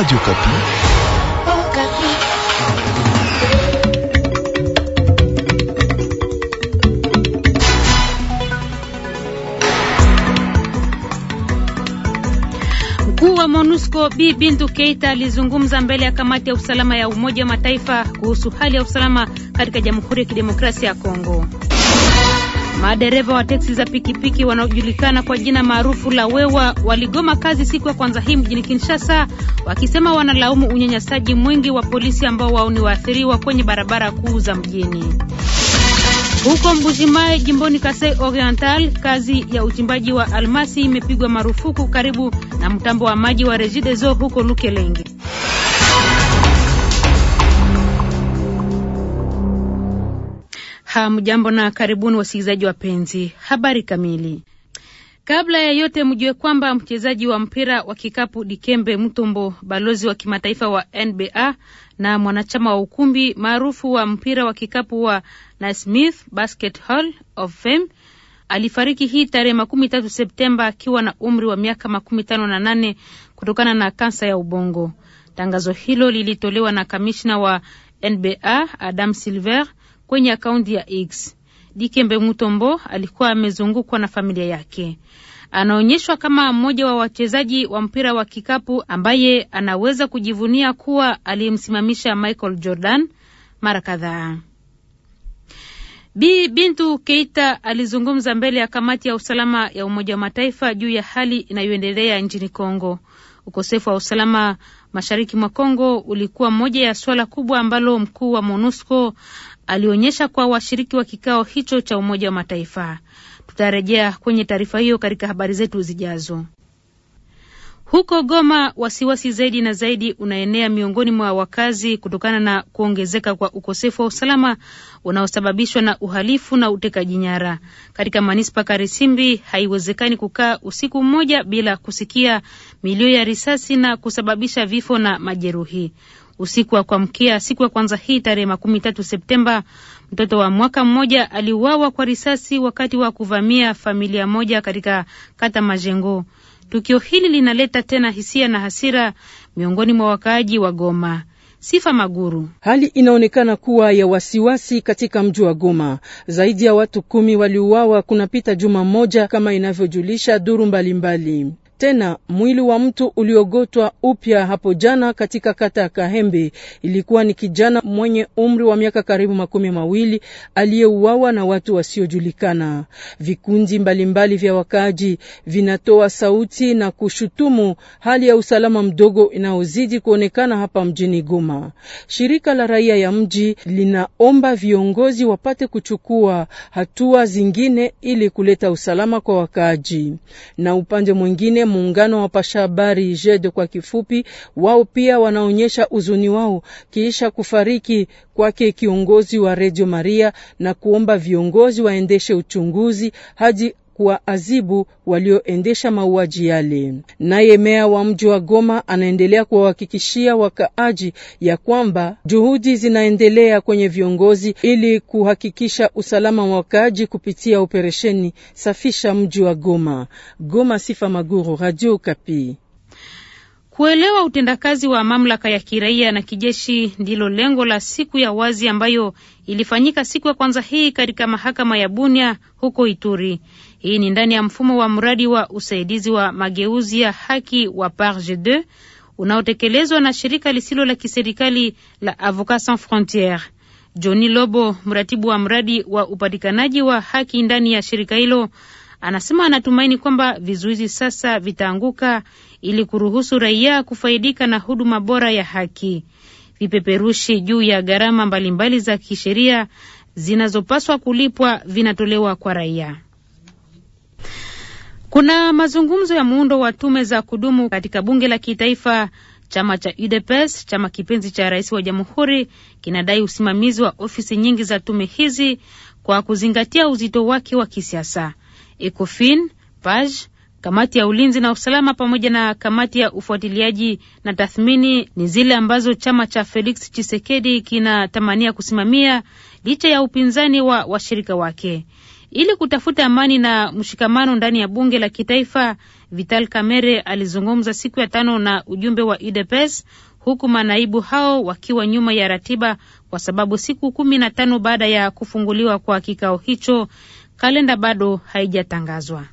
Radio Kapi. Oh, Kapi. Mkuu wa MONUSCO Bi Bintu Keita alizungumza mbele ya kamati ya usalama ya Umoja wa Mataifa kuhusu hali ya usalama katika Jamhuri ya Kidemokrasia ya Kongo. Madereva wa teksi za pikipiki wanaojulikana kwa jina maarufu la wewa waligoma kazi siku ya kwanza hii mjini Kinshasa, wakisema wanalaumu unyanyasaji mwingi wa polisi ambao wao ni waathiriwa kwenye barabara kuu za mjini. Huko Mbujimayi jimboni Kasai Oriental, kazi ya uchimbaji wa almasi imepigwa marufuku karibu na mtambo wa maji wa Regideso huko Lukelenge. Hamjambo na karibuni wasikilizaji wapenzi, habari kamili. Kabla ya yote, mjue kwamba mchezaji wa mpira wa kikapu Dikembe Mutombo, balozi wa kimataifa wa NBA na mwanachama wa ukumbi maarufu wa mpira wa kikapu wa Naismith Basket Hall of Fame alifariki hii tarehe makumi tatu Septemba akiwa na umri wa miaka makumi tano na nane kutokana na kansa ya ubongo. Tangazo hilo lilitolewa na kamishna wa NBA Adam Silver kwenye akaunti ya X. Dikembe Mutombo alikuwa amezungukwa na familia yake. Anaonyeshwa kama mmoja wa wachezaji wa mpira wa kikapu ambaye anaweza kujivunia kuwa aliyemsimamisha Michael Jordan mara kadhaa. Bi Bintu Keita alizungumza mbele ya kamati ya usalama ya Umoja wa Mataifa juu ya hali inayoendelea nchini Kongo. Ukosefu wa usalama mashariki mwa Kongo ulikuwa moja ya suala kubwa ambalo mkuu wa MONUSCO alionyesha kwa washiriki wa kikao hicho cha Umoja wa Mataifa. Tutarejea kwenye taarifa hiyo katika habari zetu zijazo. Huko Goma, wasiwasi zaidi na zaidi unaenea miongoni mwa wakazi kutokana na kuongezeka kwa ukosefu wa usalama unaosababishwa na uhalifu na utekaji nyara. Katika manispa Karisimbi, haiwezekani kukaa usiku mmoja bila kusikia milio ya risasi na kusababisha vifo na majeruhi. Usiku wa kuamkia siku ya kwanza hii tarehe makumi tatu Septemba, mtoto wa mwaka mmoja aliuawa kwa risasi wakati wa kuvamia familia moja katika kata Majengo. Tukio hili linaleta tena hisia na hasira miongoni mwa wakaaji wa Goma. Sifa Maguru. Hali inaonekana kuwa ya wasiwasi katika mji wa Goma. Zaidi ya watu kumi waliuawa kunapita juma moja, kama inavyojulisha duru mbalimbali mbali. Tena mwili wa mtu uliogotwa upya hapo jana katika kata ya Kahembe ilikuwa ni kijana mwenye umri wa miaka karibu makumi mawili aliyeuawa na watu wasiojulikana. Vikundi mbalimbali vya wakaaji vinatoa sauti na kushutumu hali ya usalama mdogo inayozidi kuonekana hapa mjini Goma. Shirika la raia ya mji linaomba viongozi wapate kuchukua hatua zingine ili kuleta usalama kwa wakaaji, na upande mwingine muungano wa pasha habari JED kwa kifupi, wao pia wanaonyesha uzuni wao kiisha kufariki kwake kiongozi wa redio Maria na kuomba viongozi waendeshe uchunguzi hadi kuwaadhibu walioendesha mauaji yale. Naye meya wa mji wa Goma anaendelea kuwahakikishia wakaaji ya kwamba juhudi zinaendelea kwenye viongozi ili kuhakikisha usalama wa wakaaji kupitia operesheni safisha mji wa Goma. Goma, Sifa Maguru, Radio Kapi. Kuelewa utendakazi wa mamlaka ya kiraia na kijeshi ndilo lengo la siku ya wazi ambayo ilifanyika siku ya kwanza hii katika mahakama ya Bunia huko Ituri. Hii ni ndani ya mfumo wa mradi wa usaidizi wa mageuzi ya haki wa parg 2 unaotekelezwa na shirika lisilo la kiserikali la Avocats Sans Frontieres. Johnny Lobo, mratibu wa mradi wa upatikanaji wa haki ndani ya shirika hilo, anasema anatumaini kwamba vizuizi sasa vitaanguka ili kuruhusu raia kufaidika na huduma bora ya haki. Vipeperushi juu ya gharama mbalimbali za kisheria zinazopaswa kulipwa vinatolewa kwa raia. Kuna mazungumzo ya muundo wa tume za kudumu katika bunge la kitaifa. Chama cha UDPS, chama kipenzi cha rais wa jamhuri, kinadai usimamizi wa ofisi nyingi za tume hizi kwa kuzingatia uzito wake wa kisiasa. ECOFIN, PAJ, kamati ya ulinzi na usalama pamoja na kamati ya ufuatiliaji na tathmini ni zile ambazo chama cha Felix chisekedi kinatamania kusimamia licha ya upinzani wa washirika wake ili kutafuta amani na mshikamano ndani ya bunge la kitaifa. Vital Kamerhe alizungumza siku ya tano na ujumbe wa UDPS huku manaibu hao wakiwa nyuma ya ratiba kwa sababu siku kumi na tano baada ya kufunguliwa kwa kikao hicho kalenda bado haijatangazwa.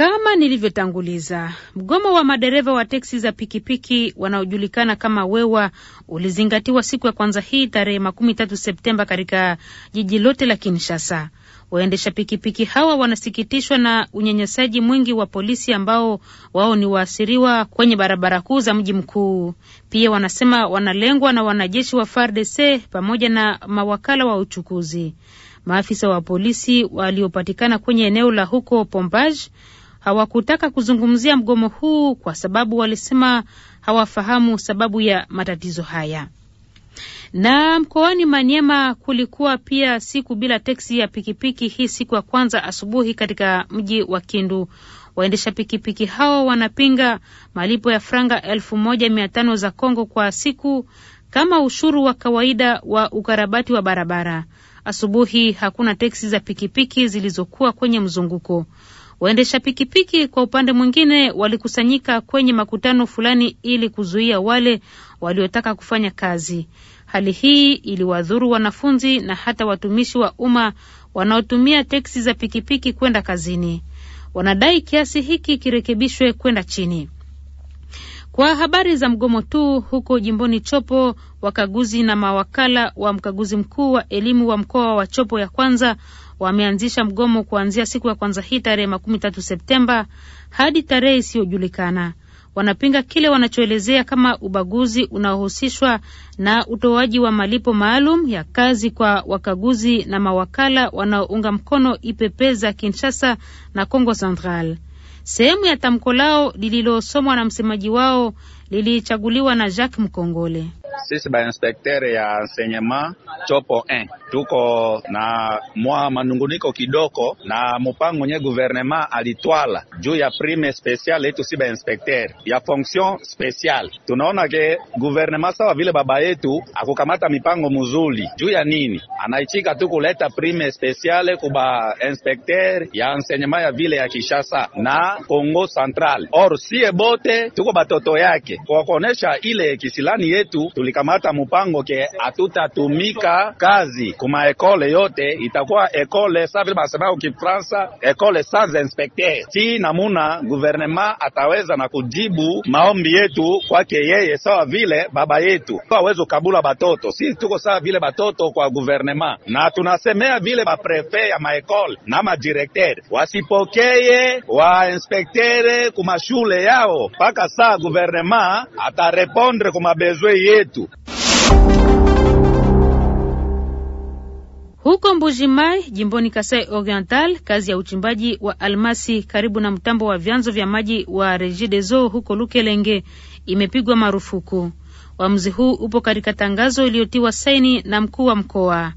Kama nilivyotanguliza, mgomo wa madereva wa teksi za pikipiki wanaojulikana kama wewa ulizingatiwa siku ya kwanza hii tarehe makumi tatu Septemba katika jiji lote la Kinshasa. Waendesha pikipiki hawa wanasikitishwa na unyanyasaji mwingi wa polisi ambao wao ni waasiriwa kwenye barabara kuu za mji mkuu. Pia wanasema wanalengwa na wanajeshi wa FARDC pamoja na mawakala wa uchukuzi. Maafisa wa polisi waliopatikana kwenye eneo la huko Pombage hawakutaka kuzungumzia mgomo huu kwa sababu walisema hawafahamu sababu ya matatizo haya. Na mkoani Manyema kulikuwa pia siku bila teksi ya pikipiki hii siku ya kwanza asubuhi katika mji wa Kindu. Waendesha pikipiki hao wanapinga malipo ya franga elfu moja mia tano za Kongo kwa siku kama ushuru wa kawaida wa ukarabati wa barabara. Asubuhi hakuna teksi za pikipiki zilizokuwa kwenye mzunguko. Waendesha pikipiki kwa upande mwingine walikusanyika kwenye makutano fulani ili kuzuia wale waliotaka kufanya kazi. Hali hii iliwadhuru wanafunzi na hata watumishi wa umma wanaotumia teksi za pikipiki kwenda kazini. Wanadai kiasi hiki kirekebishwe kwenda chini. Kwa habari za mgomo tu huko jimboni Chopo, wakaguzi na mawakala wa mkaguzi mkuu wa elimu wa mkoa wa Chopo ya kwanza wameanzisha mgomo kuanzia siku ya kwanza hii tarehe makumi tatu Septemba hadi tarehe isiyojulikana. Wanapinga kile wanachoelezea kama ubaguzi unaohusishwa na utoaji wa malipo maalum ya kazi kwa wakaguzi na mawakala wanaounga mkono IPP za Kinshasa na congo Central. Sehemu ya tamko lao lililosomwa na msemaji wao lilichaguliwa na Jacques Mkongole. Sisi bainspekteri ya nsenyema chopo 1 tuko na mwa manunguniko kidoko na mupango nye gouvernement alitwala juu ya prime special yetu si bainspekteri ya fonction special. Tunaona ke gouvernement sawa vile baba yetu akukamata mipango muzuli juu ya nini, anaichika tu kuleta prime speciale kuba inspekteur ya nsenyema ya vile ya Kishasa na Kongo Central, or sie bote tuko batoto yake kwa kuonesha ile kisilani yetu tuli tulikamata mpango ke hatutatumika kazi kuma ekole yote, itakuwa ekole sa vile basema Kifransa, ekole sans inspecteur. Si namuna guvernema ataweza na kujibu maombi yetu kwake yeye, sawa vile baba yetu aweze kabula batoto. Si tuko sawa vile batoto kwa guvernema, na tunasemea vile baprefe ya maekole na madirekter wasipokeye wa kuma kumashule yao mpaka saa guvernema atarepondre bezwe yetu watu. Huko Mbujimai jimboni Kasai Oriental, kazi ya uchimbaji wa almasi karibu na mtambo wa vyanzo vya maji wa Regideso huko Lukelenge imepigwa marufuku. Uamuzi huu upo katika tangazo iliyotiwa saini na mkuu wa mkoa.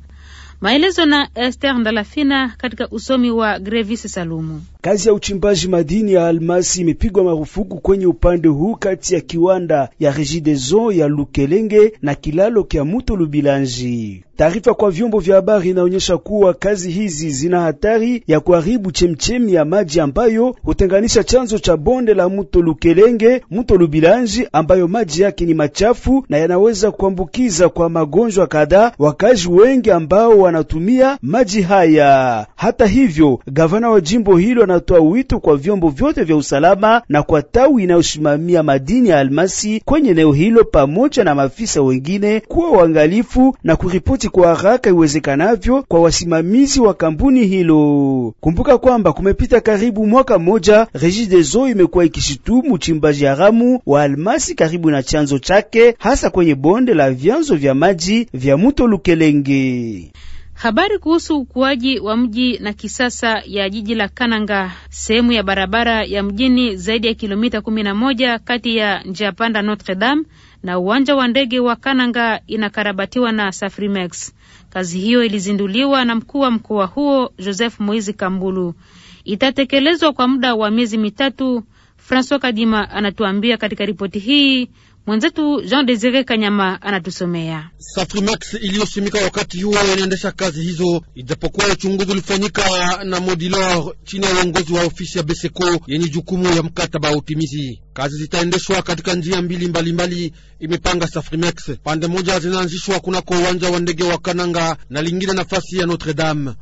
Maelezo na Esther Ndalafina katika usomi wa Grevis Salumu. Kazi ya uchimbaji madini ya almasi imepigwa marufuku kwenye upande huu kati ya kiwanda ya Regideso ya Lukelenge na kilalo kya mutu Lubilanji. Taarifa kwa vyombo vya habari inaonyesha kuwa kazi hizi zina hatari ya kuharibu chemchemi ya maji ambayo hutenganisha chanzo cha bonde la mto Lukelenge, mto Lubilanji, ambayo maji yake ni machafu na yanaweza kuambukiza kwa magonjwa kadhaa wakazi wengi ambao wanatumia maji haya. Hata hivyo, gavana wa jimbo hilo anatoa wito kwa vyombo vyote vya usalama na kwa tawi inayosimamia madini ya almasi kwenye eneo hilo pamoja na maafisa wengine kuwa waangalifu na kuripoti ripoti kwa haraka iwezekanavyo kwa wasimamizi wa kampuni hilo. Kumbuka kwamba kumepita karibu mwaka mmoja, Regideso imekuwa ikishitumu uchimbaji haramu wa almasi karibu na chanzo chake, hasa kwenye bonde la vyanzo vya maji vya mto Lukelenge. Habari kuhusu ukuaji wa mji na kisasa ya jiji la Kananga, sehemu ya barabara ya mjini zaidi ya kilomita moja kati ya njia panda Notre Dame na uwanja wa ndege wa Kananga inakarabatiwa na Safrimex. Kazi hiyo ilizinduliwa na mkuu wa mkoa huo Joseph Moizi Kambulu. Itatekelezwa kwa muda wa miezi mitatu. Francois Kadima anatuambia katika ripoti hii Mwenzetu Jean Desire Kanyama anatusomea. Safrimax iliyosimika wakati huo inaendesha kazi hizo, ijapokuwa uchunguzi ulifanyika na Modilor chini ya uongozi wa ofisi ya beseco yenye jukumu ya mkataba wa utimizi. Kazi zitaendeshwa katika njia mbili mbalimbali mbali, imepanga Safrimax. Pande moja zinaanzishwa kunako uwanja wa ndege wa Kananga na lingine nafasi ya Notre Dame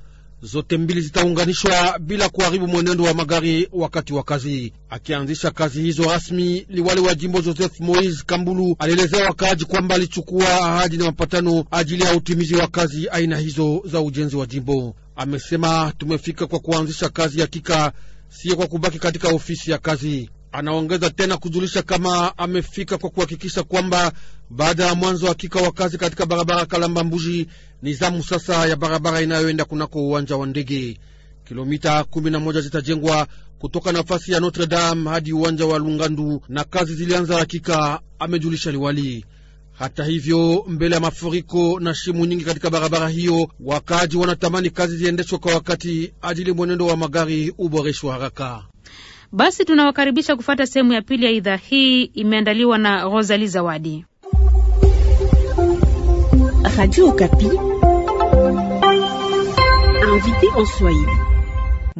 zote mbili zitaunganishwa bila kuharibu mwenendo wa magari wakati wa kazi. Akianzisha kazi hizo rasmi, liwali wa jimbo Joseph Moise Kambulu alielezea wakaaji kwamba alichukua ahadi na mapatano ajili ya utimizi wa kazi aina hizo za ujenzi wa jimbo. Amesema tumefika kwa kuanzisha kazi hakika, siyo kwa kubaki katika ofisi ya kazi. Anaongeza tena kujulisha kama amefika kwa kuhakikisha kwamba baada ya mwanzo hakika wa kazi katika barabara Kalamba Mbuji ni zamu sasa ya barabara inayoenda kunako uwanja wa ndege. Kilomita 11 zitajengwa kutoka nafasi ya Notre Dame hadi uwanja wa Lungandu na kazi zilianza hakika, amejulisha liwali. Hata hivyo, mbele ya mafuriko na shimu nyingi katika barabara hiyo, wakaaji wanatamani kazi ziendeshwe kwa wakati ajili mwenendo wa magari uboreshwe haraka. Basi tunawakaribisha kufata sehemu ya pili ya idhaa hii, imeandaliwa na Rosalie Zawadi. Radio Okapi, invité en Swahili.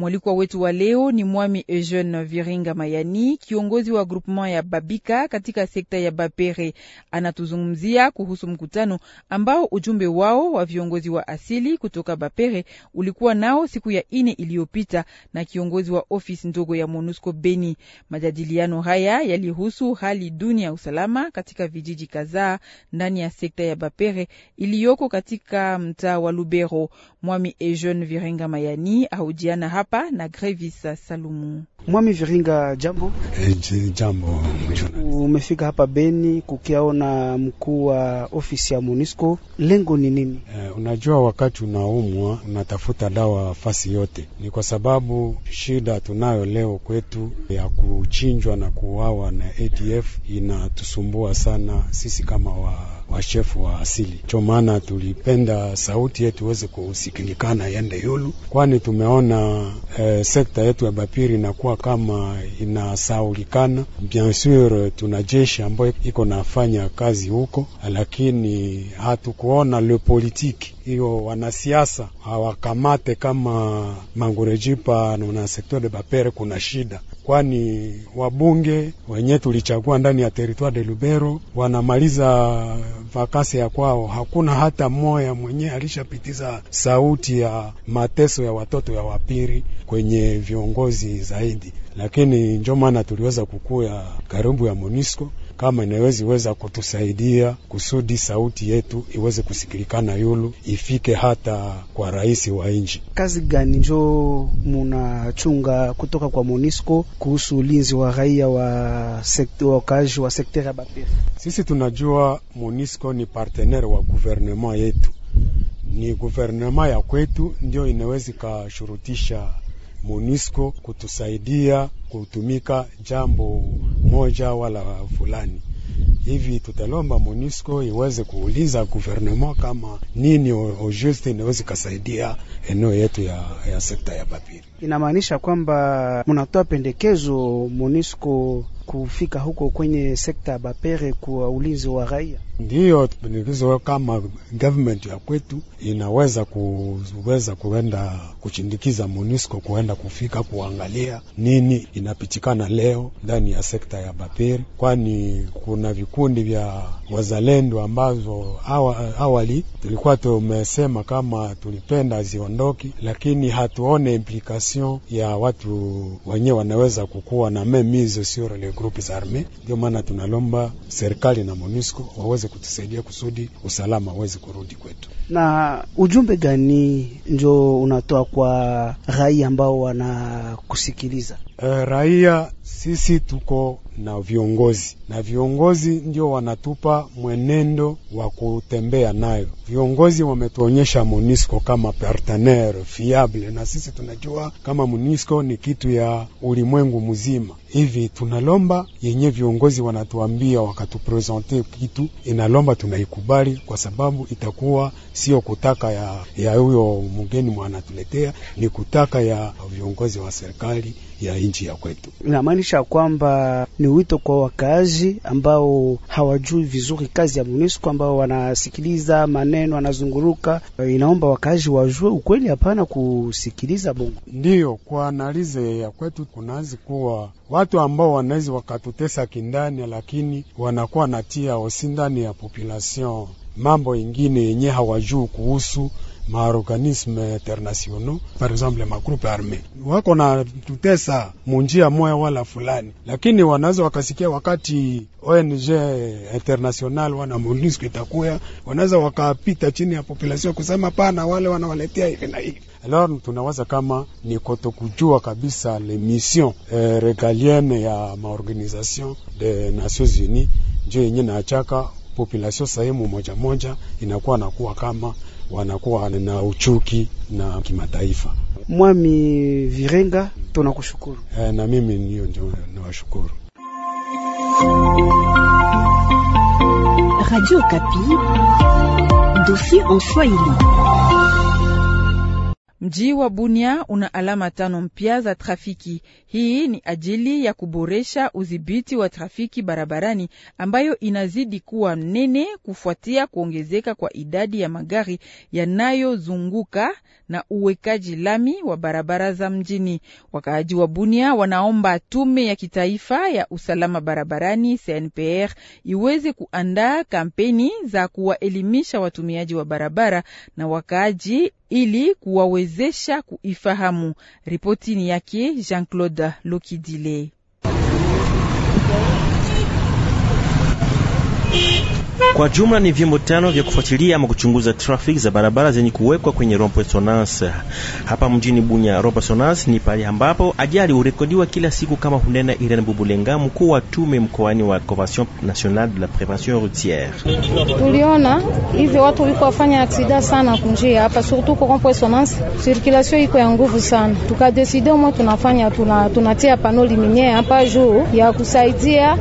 Mwalikwa wetu wa leo ni Mwami Eugene Viringa Mayani, kiongozi wa groupement ya Babika katika sekta ya Bapere. Anatuzungumzia kuhusu mkutano ambao ujumbe wao wa viongozi wa asili kutoka Bapere ulikuwa nao siku ya ine iliyopita na kiongozi wa ofisi ndogo ya MONUSCO Beni. Majadiliano haya yalihusu hali duni ya usalama katika vijiji kadhaa ndani ya sekta ya Bapere iliyoko katika mtaa wa Lubero. Mwami Eugene Viringa Mayani ahujiana hapa hapa na Grevis Salumu. Mwami Viringa, jambo. Eh, jambo. Umefika hapa Beni kukiaona mkuu wa ofisi ya MONUSCO, lengo ni nini? E, unajua wakati unaumwa unatafuta dawa fasi yote, ni kwa sababu shida tunayo leo kwetu ya kuchinjwa na kuuawa na ADF inatusumbua sana sisi kama wa washefu wa asili. Cho maana tulipenda sauti yetu iweze kusikilikana yende yulu, kwani tumeona e, sekta yetu ya Bapiri inakuwa kama inasaulikana. Bien sur tuna jeshi ambayo iko nafanya kazi huko, lakini hatukuona le politiki hiyo, wanasiasa hawakamate kama mangurejipa na sekta de Bapere kuna shida kwani wabunge wenye tulichagua ndani ya teritwari de Lubero wanamaliza vakasi ya kwao. Hakuna hata mmoya mwenye alishapitiza sauti ya mateso ya watoto ya wapiri kwenye viongozi zaidi, lakini njo maana tuliweza kukuya karibu ya MONUSCO kama inawezi weza kutusaidia kusudi sauti yetu iweze kusikilikana, yulu ifike hata kwa rais wa nchi. Kazi gani njo munachunga kutoka kwa Monisco kuhusu ulinzi wa raia wa sekta kaji wa sekta ya Bapere? Sisi tunajua Monisco ni partenaire wa guvernema yetu, ni guvernema ya kwetu ndio inawezi kashurutisha MONUSCO kutusaidia kutumika jambo moja wala fulani hivi. Tutalomba MONUSCO iweze kuuliza guvernema kama nini ojuste inaweza kasaidia eneo yetu ya, ya sekta ya papiri. Inamaanisha kwamba mnatoa pendekezo MONUSCO kufika huko kwenye sekta ya Bapere kwa ulinzi wa raia. Ndiyo pendekezo kama government ya kwetu inaweza kuweza kuenda kuchindikiza MONUSCO kuenda kufika kuangalia nini inapitikana leo ndani ya sekta ya Bapere, kwani kuna vikundi vya wazalendo ambazo awali tulikuwa tumesema kama tulipenda ziondoki, lakini hatuone implication ya watu wenyewe wanaweza kukuwa na memizo sur le groupe arme. Ndio maana tunalomba serikali na MONUSCO waweze kutusaidia kusudi usalama waweze kurudi kwetu. Na ujumbe gani njo unatoa kwa raia ambao wanakusikiliza? Uh, raia sisi tuko na viongozi na viongozi ndio wanatupa mwenendo wa kutembea nayo. Viongozi wametuonyesha MONUSCO kama partenaire fiable, na sisi tunajua kama MONUSCO ni kitu ya ulimwengu mzima. Hivi tunalomba yenye viongozi wanatuambia wakatupresente kitu inalomba, tunaikubali kwa sababu itakuwa sio kutaka ya ya huyo mgeni mwanatuletea, ni kutaka ya viongozi wa serikali ya nchi ya kwetu. Inamaanisha kwamba ni wito kwa wakazi ambao hawajui vizuri kazi ya MONUSCO, ambao wanasikiliza maneno anazunguruka. Inaomba wakazi wajue ukweli, hapana kusikiliza bongo. Ndiyo kwa analize ya kwetu kunazi kuwa watu ambao wanaweza wakatutesa kindani, lakini wanakuwa natia ndani ya population mambo ingine yenye hawajuu kuhusu maorganisme internationaux par exemple magroupe arme wako na tutesa munjia moya wala fulani, lakini wanaweza wakasikia wakati ONG international wana MONUSCO itakuya, wanaweza wakapita chini ya population kusema pana wale wanawaletea hivi na hivi. Alors tunawaza kama ni kujua kabisa le mission eh, regalienne ya maorganisation des Nations Unies njo yenye naachaka population sehemu moja moja inakuwa nakuwa kama wanakuwa na uchuki na kimataifa. Mwami Virenga, tunakushukuru. E, na mimi niyo ndio nawashukuru. Radio Kapi, dossier en Swahili. Mji wa Bunia una alama tano mpya za trafiki. Hii ni ajili ya kuboresha udhibiti wa trafiki barabarani ambayo inazidi kuwa mnene kufuatia kuongezeka kwa idadi ya magari yanayozunguka na uwekaji lami wa barabara za mjini. Wakaaji wa Bunia wanaomba tume ya kitaifa ya usalama barabarani CNPR iweze kuandaa kampeni za kuwaelimisha watumiaji wa barabara na wakaaji ili kuwawezesha kuwawezesha kuifahamu. Ripotini yake Jean Claude Lokidile. Kwa jumla ni vyombo tano vya kufuatilia ama kuchunguza trafiki za barabara zenye kuwekwa kwenye rompesonance hapa mjini Bunya. Rompesonance ni pale ambapo ajali hurekodiwa kila siku, kama hunena Irene Bubulenga, mkuu wa tume mkoani wa Convention Nationale de la Prevention Routière. Tuliona hivyo watu wiko wafanya aksida sana kunjia hapa, surtout kwa rompesonance, circulation iko ya nguvu sana. Tukadeside mwa tunafanya tuna, tunatia pano liminiere hapa juu ya kusaidia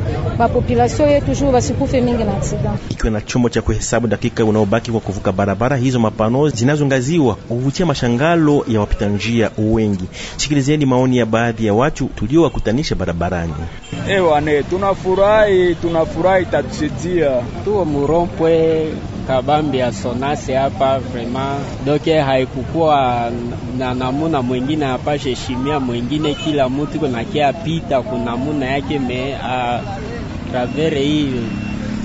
population yetu juu basikufe mingi na aksida ikiwa na chombo cha kuhesabu dakika unaobaki kwa kuvuka barabara hizo mapano zinazongaziwa kuvutia mashangalo ya wapita njia wengi. Sikilizeni maoni ya baadhi ya watu tuliowakutanisha barabarani. Ewane, eh, tunafurahi tunafurahi tatushitia tuo murompwe kabambi ya sonase hapa vrema doke eh, haikukuwa na namuna mwingine apashe shimia mwingine, kila mutu kunakia pita kuna muna yake me a travere hii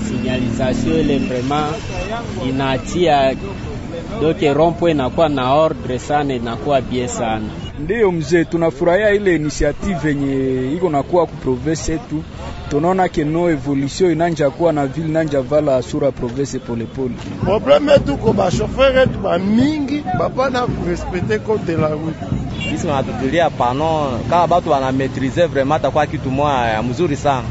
signalisation ile vraiment inaachia doke rompwe inakuwa na ordre sana, inakuwa bie sana. Ndiyo mzee, tunafurahia ile initiative yenye iko nakuwa ku province yetu. Tunaona ke no evolution inanja kuwa na vile inanja vala sura province polepole. Probleme yetu ko ba chauffeur yetu ba mingi bapana kurespecte code la route. Sisi tunatutulia pano kama batu wana maîtriser vraiment, takuwa kitu moya ya mzuri sana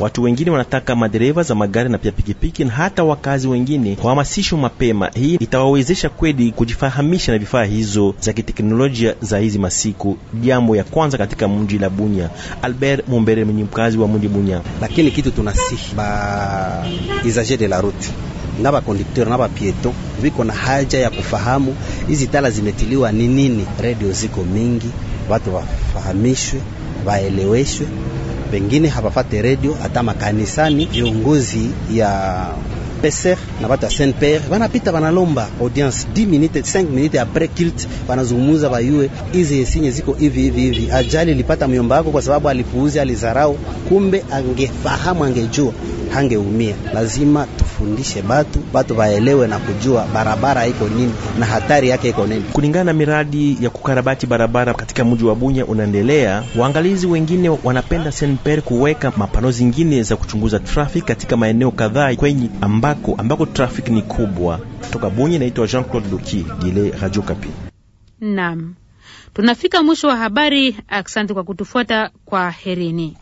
Watu wengine wanataka madereva za magari na pia pikipiki na hata wakazi wengine wahamasishwe mapema. Hii itawawezesha kweli kujifahamisha na vifaa hizo za kiteknolojia za hizi masiku, jambo ya kwanza katika mji la Bunya. Albert Mumbere mwenye mkazi wa mji Bunya. Lakini kitu tunasihi ba usager de la route na conducteur na pieto viko na haja ya kufahamu hizi tala zimetiliwa ni nini. Redio ziko mingi, watu wafahamishwe, waeleweshwe pengine hapafate redio hata makanisani. Viongozi ya peser na bata Saint Pierre banapita banalomba audience 10 minute 5 minute apres kilt, banazungumuza bayue hizi esinye ziko hivi hivi hivi, ajali ilipata myomba yako kwa sababu alipuuzi, alizarau. Kumbe angefahamu, angejua, hangeumia. Lazima bafundishe batu batu waelewe na kujua barabara iko nini na hatari yake iko nini. Kulingana na miradi ya kukarabati barabara katika mji wa Bunya unaendelea, waangalizi wengine wanapenda Senper kuweka mapano zingine za kuchunguza trafiki katika maeneo kadhaa kwenye ambako ambako trafiki ni kubwa. Toka Bunya, naitwa Jean Claude Luki Gile, Radio Kapi. Naam, tunafika mwisho wa habari. Asante kwa kutufuata, kwa herini.